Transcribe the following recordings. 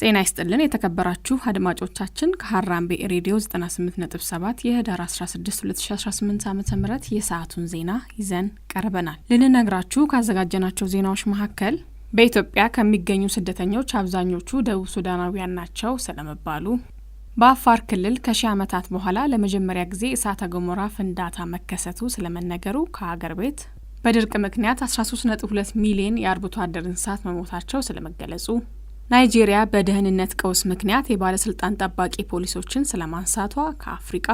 ጤና ይስጥልን የተከበራችሁ አድማጮቻችን ከሀራምቤ ሬዲዮ 98.7 የህዳር 16 2018 ዓ ም የሰዓቱን ዜና ይዘን ቀርበናል። ልንነግራችሁ ካዘጋጀናቸው ዜናዎች መካከል በኢትዮጵያ ከሚገኙ ስደተኞች አብዛኞቹ ደቡብ ሱዳናዊያን ናቸው ስለመባሉ፣ በአፋር ክልል ከሺህ ዓመታት በኋላ ለመጀመሪያ ጊዜ እሳተ ገሞራ ፍንዳታ መከሰቱ ስለመነገሩ ከሀገር ቤት፣ በድርቅ ምክንያት 13.2 ሚሊዮን የአርብቶ አደር እንስሳት መሞታቸው ስለመገለጹ ናይጄሪያ በደህንነት ቀውስ ምክንያት የባለስልጣን ጠባቂ ፖሊሶችን ስለማንሳቷ ከአፍሪቃ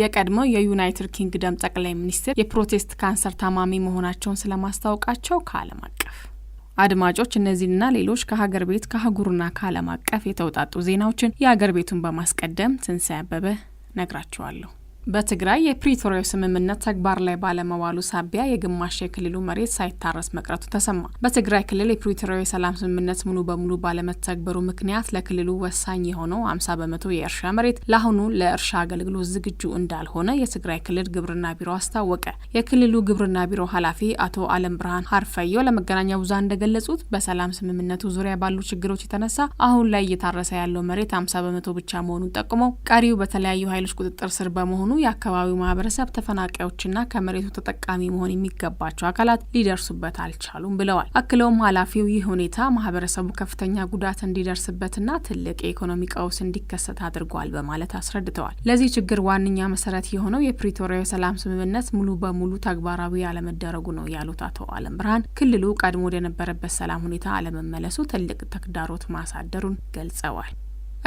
የቀድሞው የዩናይትድ ኪንግደም ጠቅላይ ሚኒስትር የፕሮቴስት ካንሰር ታማሚ መሆናቸውን ስለማስታወቃቸው ከዓለም አቀፍ አድማጮች፣ እነዚህና ሌሎች ከሀገር ቤት ከአህጉርና ከዓለም አቀፍ የተውጣጡ ዜናዎችን የሀገር ቤቱን በማስቀደም ትንሳኤ አበበ ነግራቸዋለሁ። በትግራይ የፕሪቶሪያው ስምምነት ተግባር ላይ ባለመዋሉ ሳቢያ የግማሽ የክልሉ መሬት ሳይታረስ መቅረቱ ተሰማ። በትግራይ ክልል የፕሪቶሪያው የሰላም ስምምነት ሙሉ በሙሉ ባለመተግበሩ ምክንያት ለክልሉ ወሳኝ የሆነው 50 በመቶ የእርሻ መሬት ለአሁኑ ለእርሻ አገልግሎት ዝግጁ እንዳልሆነ የትግራይ ክልል ግብርና ቢሮ አስታወቀ። የክልሉ ግብርና ቢሮ ኃላፊ አቶ አለም ብርሃን ሀርፈዮ ለመገናኛ ብዙሃን እንደገለጹት በሰላም ስምምነቱ ዙሪያ ባሉ ችግሮች የተነሳ አሁን ላይ እየታረሰ ያለው መሬት 50 በመቶ ብቻ መሆኑን ጠቁመው ቀሪው በተለያዩ ኃይሎች ቁጥጥር ስር በመሆኑ በመሆኑ የአካባቢው ማህበረሰብ ተፈናቃዮችና ከመሬቱ ተጠቃሚ መሆን የሚገባቸው አካላት ሊደርሱበት አልቻሉም ብለዋል። አክለውም ኃላፊው ይህ ሁኔታ ማህበረሰቡ ከፍተኛ ጉዳት እንዲደርስበትና ትልቅ የኢኮኖሚ ቀውስ እንዲከሰት አድርጓል በማለት አስረድተዋል። ለዚህ ችግር ዋነኛ መሰረት የሆነው የፕሪቶሪያ የሰላም ስምምነት ሙሉ በሙሉ ተግባራዊ አለመደረጉ ነው ያሉት አቶ አለም ብርሃን ክልሉ ቀድሞ ወደነበረበት ሰላም ሁኔታ አለመመለሱ ትልቅ ተግዳሮት ማሳደሩን ገልጸዋል።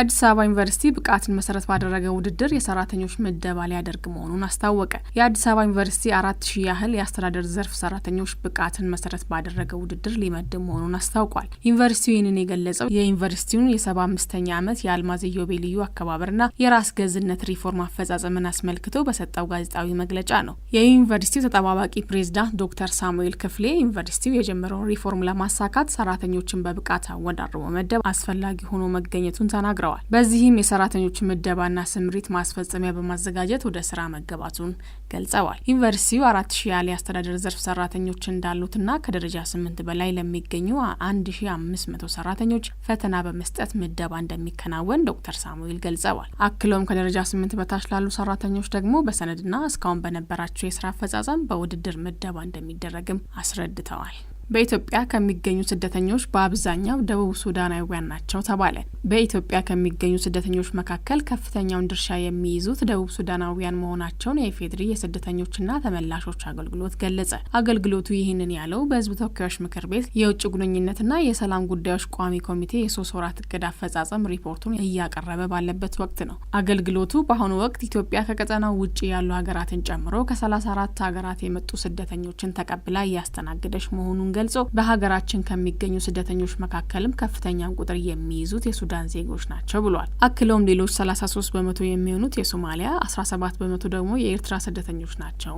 አዲስ አበባ ዩኒቨርሲቲ ብቃትን መሰረት ባደረገ ውድድር የሰራተኞች ምደባ ሊያደርግ መሆኑን አስታወቀ። የአዲስ አበባ ዩኒቨርሲቲ አራት ሺህ ያህል የአስተዳደር ዘርፍ ሰራተኞች ብቃትን መሰረት ባደረገ ውድድር ሊመድብ መሆኑን አስታውቋል። ዩኒቨርሲቲው ይህንን የገለጸው የዩኒቨርሲቲውን የሰባ አምስተኛ ዓመት የአልማዝ ኢዮቤልዩ አከባበርና የራስ ገዝነት ሪፎርም አፈጻጸምን አስመልክቶ በሰጠው ጋዜጣዊ መግለጫ ነው። የዩኒቨርሲቲው ተጠባባቂ ፕሬዝዳንት ዶክተር ሳሙኤል ክፍሌ ዩኒቨርሲቲው የጀመረውን ሪፎርም ለማሳካት ሰራተኞችን በብቃት አወዳድሮ መደብ አስፈላጊ ሆኖ መገኘቱን ተናግረዋል። ተናግረዋል። በዚህም የሰራተኞች ምደባና ስምሪት ማስፈጸሚያ በማዘጋጀት ወደ ስራ መገባቱን ገልጸዋል። ዩኒቨርሲቲው አራት ሺ ያህል የአስተዳደር ዘርፍ ሰራተኞች እንዳሉትና ከደረጃ ስምንት በላይ ለሚገኙ አንድ ሺ አምስት መቶ ሰራተኞች ፈተና በመስጠት ምደባ እንደሚከናወን ዶክተር ሳሙኤል ገልጸዋል። አክለውም ከደረጃ ስምንት በታች ላሉ ሰራተኞች ደግሞ በሰነድና እስካሁን በነበራቸው የስራ አፈጻጸም በውድድር ምደባ እንደሚደረግም አስረድተዋል። በኢትዮጵያ ከሚገኙ ስደተኞች በአብዛኛው ደቡብ ሱዳናዊያን ናቸው ተባለ። በኢትዮጵያ ከሚገኙ ስደተኞች መካከል ከፍተኛውን ድርሻ የሚይዙት ደቡብ ሱዳናዊያን መሆናቸውን የኢፌዴሪ የስደተኞችና ተመላሾች አገልግሎት ገለጸ። አገልግሎቱ ይህንን ያለው በሕዝብ ተወካዮች ምክር ቤት የውጭ ግንኙነትና የሰላም ጉዳዮች ቋሚ ኮሚቴ የሶስት ወራት እቅድ አፈጻጸም ሪፖርቱን እያቀረበ ባለበት ወቅት ነው። አገልግሎቱ በአሁኑ ወቅት ኢትዮጵያ ከቀጠናው ውጭ ያሉ ሀገራትን ጨምሮ ከ34 ሀገራት የመጡ ስደተኞችን ተቀብላ እያስተናገደች መሆኑን ገልጾ በሀገራችን ከሚገኙ ስደተኞች መካከልም ከፍተኛን ቁጥር የሚይዙት የሱዳን ዜጎች ናቸው ብሏል። አክለውም ሌሎች 33 በመቶ የሚሆኑት የሶማሊያ፣ 17 በመቶ ደግሞ የኤርትራ ስደተኞች ናቸው።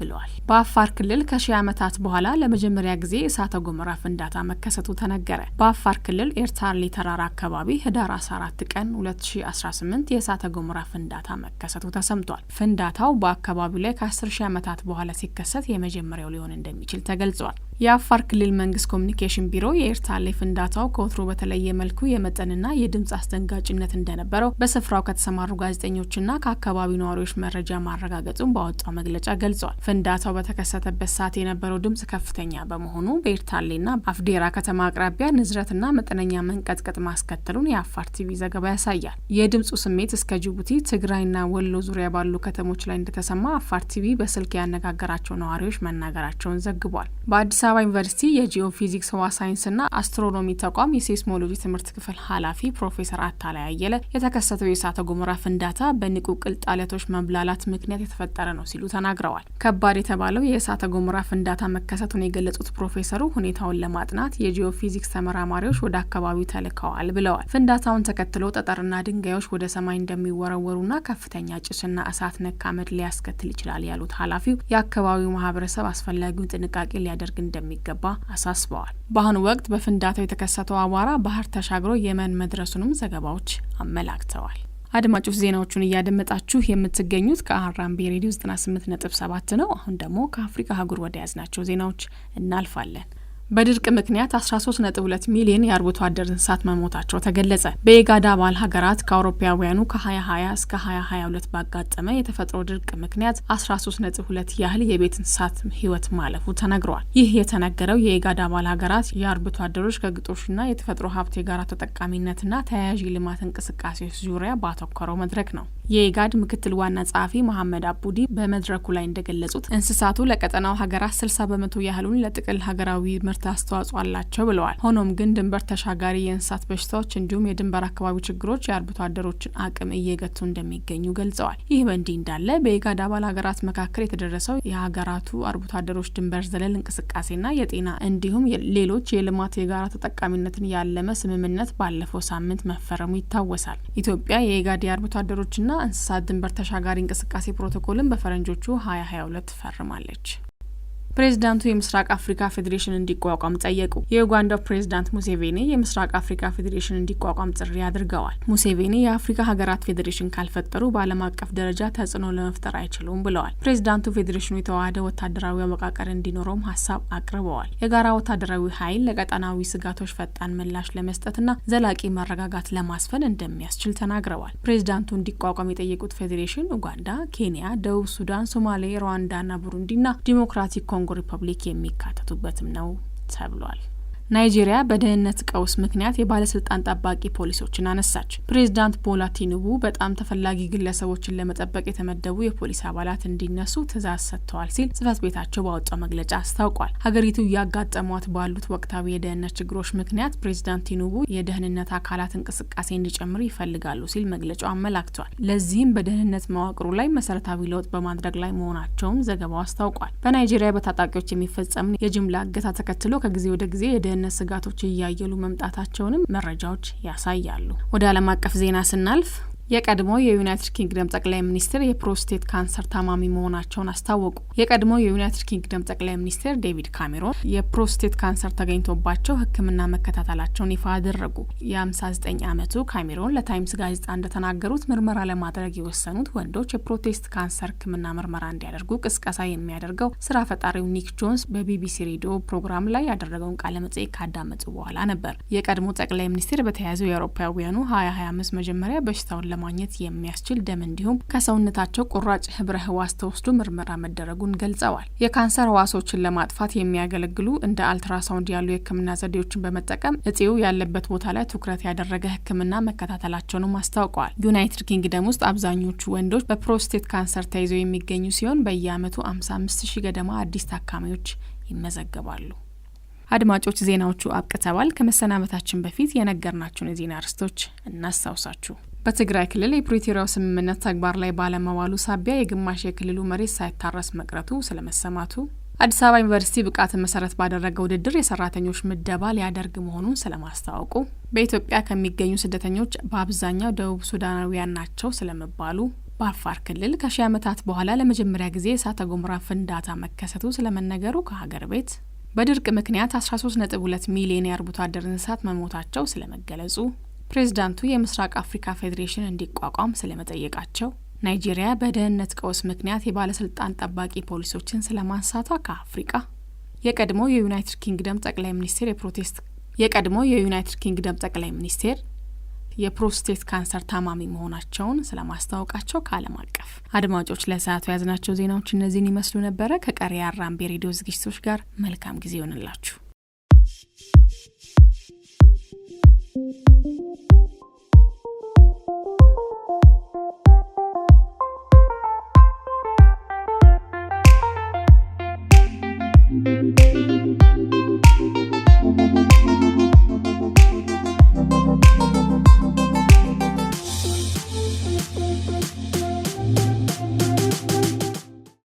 ብለዋል። በአፋር ክልል ከሺህ ዓመታት በኋላ ለመጀመሪያ ጊዜ እሳተ ገሞራ ፍንዳታ መከሰቱ ተነገረ። በአፋር ክልል ኤርታሌ ተራራ አካባቢ ህዳር 14 ቀን 2018 የእሳተ ጎመራ ፍንዳታ መከሰቱ ተሰምቷል። ፍንዳታው በአካባቢው ላይ ከ10 ሺህ ዓመታት በኋላ ሲከሰት የመጀመሪያው ሊሆን እንደሚችል ተገልጿል። የአፋር ክልል መንግስት ኮሚኒኬሽን ቢሮ የኤርታሌ ፍንዳታው ከወትሮ በተለየ መልኩ የመጠንና የድምፅ አስደንጋጭነት እንደነበረው በስፍራው ከተሰማሩ ጋዜጠኞችና ከአካባቢው ነዋሪዎች መረጃ ማረጋገጡን ባወጣው መግለጫ ገልጿል። ገልጸዋል። ፍንዳታው በተከሰተበት ሰዓት የነበረው ድምጽ ከፍተኛ በመሆኑ በኤርታሌና አፍዴራ ከተማ አቅራቢያ ንዝረትና መጠነኛ መንቀጥቀጥ ማስከተሉን የአፋር ቲቪ ዘገባ ያሳያል። የድምፁ ስሜት እስከ ጅቡቲ፣ ትግራይና ወሎ ዙሪያ ባሉ ከተሞች ላይ እንደተሰማ አፋር ቲቪ በስልክ ያነጋገራቸው ነዋሪዎች መናገራቸውን ዘግቧል። በአዲስ አበባ ዩኒቨርሲቲ የጂኦ ፊዚክስ ህዋ ሳይንስና አስትሮኖሚ ተቋም የሴስሞሎጂ ትምህርት ክፍል ኃላፊ ፕሮፌሰር አታላይ አየለ የተከሰተው የእሳተ ገሞራ ፍንዳታ በንቁ ቅልጣለቶች መብላላት ምክንያት የተፈጠረ ነው ሲሉ ተናግረዋል። ከባድ የተባለው የእሳተ ገሞራ ፍንዳታ መከሰቱን የገለጹት ፕሮፌሰሩ ሁኔታውን ለማጥናት የጂኦፊዚክስ ተመራማሪዎች ወደ አካባቢው ተልከዋል ብለዋል። ፍንዳታውን ተከትሎ ጠጠርና ድንጋዮች ወደ ሰማይ እንደሚወረወሩና ከፍተኛ ጭስና እሳት ነክ አመድ ሊያስከትል ይችላል ያሉት ኃላፊው የአካባቢው ማህበረሰብ አስፈላጊውን ጥንቃቄ ሊያደርግ እንደሚገባ አሳስበዋል። በአሁኑ ወቅት በፍንዳታው የተከሰተው አቧራ ባህር ተሻግሮ የመን መድረሱንም ዘገባዎች አመላክተዋል። አድማጮች ዜናዎቹን እያደመጣችሁ የምትገኙት ከአራምቤ ሬዲዮ 98 7 ነው። አሁን ደግሞ ከአፍሪካ አህጉር ወደ ያዝናቸው ዜናዎች እናልፋለን። በድርቅ ምክንያት 13.2 ሚሊዮን የአርብቶ አደር እንስሳት መሞታቸው ተገለጸ። በየጋድ አባል ሀገራት ከአውሮፓውያኑ ከ2020 እስከ 2022 ባጋጠመ የተፈጥሮ ድርቅ ምክንያት 13.2 ያህል የቤት እንስሳት ሕይወት ማለፉ ተነግሯል። ይህ የተነገረው የኤጋዳ አባል ሀገራት የአርብቶ አደሮች ከግጦሽና የተፈጥሮ ሀብት የጋራ ተጠቃሚነትና ተያያዥ ልማት እንቅስቃሴዎች ዙሪያ ባተኮረው መድረክ ነው። የኢጋድ ምክትል ዋና ጸሐፊ መሐመድ አቡዲ በመድረኩ ላይ እንደገለጹት እንስሳቱ ለቀጠናው ሀገራት 60 በመቶ ያህሉን ለጥቅል ሀገራዊ ምርት ምርት አስተዋጽኦ አላቸው ብለዋል። ሆኖም ግን ድንበር ተሻጋሪ የእንስሳት በሽታዎች እንዲሁም የድንበር አካባቢ ችግሮች የአርብቶ አደሮችን አቅም እየገቱ እንደሚገኙ ገልጸዋል። ይህ በእንዲህ እንዳለ በኢጋድ አባል ሀገራት መካከል የተደረሰው የሀገራቱ አርብቶ አደሮች ድንበር ዘለል እንቅስቃሴና የጤና እንዲሁም ሌሎች የልማት የጋራ ተጠቃሚነትን ያለመ ስምምነት ባለፈው ሳምንት መፈረሙ ይታወሳል። ኢትዮጵያ የኢጋድ የአርብቶ አደሮችና እንስሳት ድንበር ተሻጋሪ እንቅስቃሴ ፕሮቶኮልን በፈረንጆቹ 2022 ፈርማለች። ፕሬዚዳንቱ የምስራቅ አፍሪካ ፌዴሬሽን እንዲቋቋም ጠየቁ። የኡጋንዳው ፕሬዚዳንት ሙሴቬኒ የምስራቅ አፍሪካ ፌዴሬሽን እንዲቋቋም ጥሪ አድርገዋል። ሙሴቬኒ የአፍሪካ ሀገራት ፌዴሬሽን ካልፈጠሩ በዓለም አቀፍ ደረጃ ተጽዕኖ ለመፍጠር አይችሉም ብለዋል። ፕሬዚዳንቱ ፌዴሬሽኑ የተዋሃደ ወታደራዊ አወቃቀር እንዲኖረውም ሀሳብ አቅርበዋል። የጋራ ወታደራዊ ኃይል ለቀጠናዊ ስጋቶች ፈጣን ምላሽ ለመስጠትና ዘላቂ መረጋጋት ለማስፈን እንደሚያስችል ተናግረዋል። ፕሬዚዳንቱ እንዲቋቋም የጠየቁት ፌዴሬሽን ኡጋንዳ፣ ኬንያ፣ ደቡብ ሱዳን፣ ሶማሌ፣ ሩዋንዳና ቡሩንዲና ዲሞክራቲክ ኮንጎ ኮንጎ ሪፐብሊክ የሚካተቱበትም ነው ተብሏል ናይጄሪያ በደህንነት ቀውስ ምክንያት የባለስልጣን ጠባቂ ፖሊሶችን አነሳች። ፕሬዚዳንት ቦላ ቲኑቡ በጣም ተፈላጊ ግለሰቦችን ለመጠበቅ የተመደቡ የፖሊስ አባላት እንዲነሱ ትዕዛዝ ሰጥተዋል ሲል ጽህፈት ቤታቸው ባወጣው መግለጫ አስታውቋል። ሀገሪቱ እያጋጠሟት ባሉት ወቅታዊ የደህንነት ችግሮች ምክንያት ፕሬዚዳንት ቲኑቡ የደህንነት አካላት እንቅስቃሴ እንዲጨምር ይፈልጋሉ ሲል መግለጫው አመላክቷል። ለዚህም በደህንነት መዋቅሩ ላይ መሰረታዊ ለውጥ በማድረግ ላይ መሆናቸውም ዘገባው አስታውቋል። በናይጄሪያ በታጣቂዎች የሚፈጸምን የጅምላ እገታ ተከትሎ ከጊዜ ወደ ጊዜ የደህንነት የደህንነት ስጋቶች እያየሉ መምጣታቸውንም መረጃዎች ያሳያሉ። ወደ ዓለም አቀፍ ዜና ስናልፍ የቀድሞ የዩናይትድ ኪንግደም ጠቅላይ ሚኒስትር የፕሮስቴት ካንሰር ታማሚ መሆናቸውን አስታወቁ። የቀድሞ የዩናይትድ ኪንግደም ጠቅላይ ሚኒስትር ዴቪድ ካሜሮን የፕሮስቴት ካንሰር ተገኝቶባቸው ሕክምና መከታተላቸውን ይፋ አደረጉ። የ59 ዓመቱ ካሜሮን ለታይምስ ጋዜጣ እንደተናገሩት ምርመራ ለማድረግ የወሰኑት ወንዶች የፕሮቴስት ካንሰር ሕክምና ምርመራ እንዲያደርጉ ቅስቀሳ የሚያደርገው ስራ ፈጣሪው ኒክ ጆንስ በቢቢሲ ሬዲዮ ፕሮግራም ላይ ያደረገውን ቃለ ካዳመጡ በኋላ ነበር። የቀድሞ ጠቅላይ ሚኒስትር በተያያዘው የአውሮፓውያኑ 2025 መጀመሪያ በሽታውን ለማግኘት የሚያስችል ደም እንዲሁም ከሰውነታቸው ቁራጭ ህብረ ህዋስ ተወስዶ ምርመራ መደረጉን ገልጸዋል። የካንሰር ህዋሶችን ለማጥፋት የሚያገለግሉ እንደ አልትራሳውንድ ያሉ የህክምና ዘዴዎችን በመጠቀም እጢው ያለበት ቦታ ላይ ትኩረት ያደረገ ህክምና መከታተላቸውንም አስታውቀዋል። ዩናይትድ ኪንግደም ውስጥ አብዛኞቹ ወንዶች በፕሮስቴት ካንሰር ተይዘው የሚገኙ ሲሆን በየአመቱ 55 ሺህ ገደማ አዲስ ታካሚዎች ይመዘገባሉ። አድማጮች ዜናዎቹ አብቅተዋል። ከመሰናበታችን በፊት የነገርናችሁን የዜና ርዕሶች እናስታውሳችሁ። በትግራይ ክልል የፕሪቶሪያው ስምምነት ተግባር ላይ ባለመዋሉ ሳቢያ የግማሽ የክልሉ መሬት ሳይታረስ መቅረቱ ስለመሰማቱ፣ አዲስ አበባ ዩኒቨርሲቲ ብቃትን መሰረት ባደረገ ውድድር የሰራተኞች ምደባ ሊያደርግ መሆኑን ስለማስታወቁ፣ በኢትዮጵያ ከሚገኙ ስደተኞች በአብዛኛው ደቡብ ሱዳናዊያን ናቸው ስለመባሉ፣ በአፋር ክልል ከሺህ ዓመታት በኋላ ለመጀመሪያ ጊዜ የእሳተ ገሞራ ፍንዳታ መከሰቱ ስለመነገሩ፣ ከሀገር ቤት በድርቅ ምክንያት 13.2 ሚሊዮን የአርብቶ አደር እንስሳት መሞታቸው ስለመገለጹ ፕሬዝዳንቱ የምስራቅ አፍሪካ ፌዴሬሽን እንዲቋቋም ስለመጠየቃቸው፣ ናይጄሪያ በደህንነት ቀውስ ምክንያት የባለስልጣን ጠባቂ ፖሊሶችን ስለማንሳቷ ከአፍሪቃ የቀድሞ የዩናይትድ ኪንግደም ጠቅላይ ሚኒስቴር የፕሮቴስት የቀድሞ የዩናይትድ ኪንግደም ጠቅላይ ሚኒስቴር የፕሮስቴት ካንሰር ታማሚ መሆናቸውን ስለማስታወቃቸው ከዓለም አቀፍ አድማጮች ለሰዓቱ የያዝናቸው ዜናዎች እነዚህን ይመስሉ ነበረ። ከቀሪ አራምቤ ሬዲዮ ዝግጅቶች ጋር መልካም ጊዜ ይሆንላችሁ። Thank you.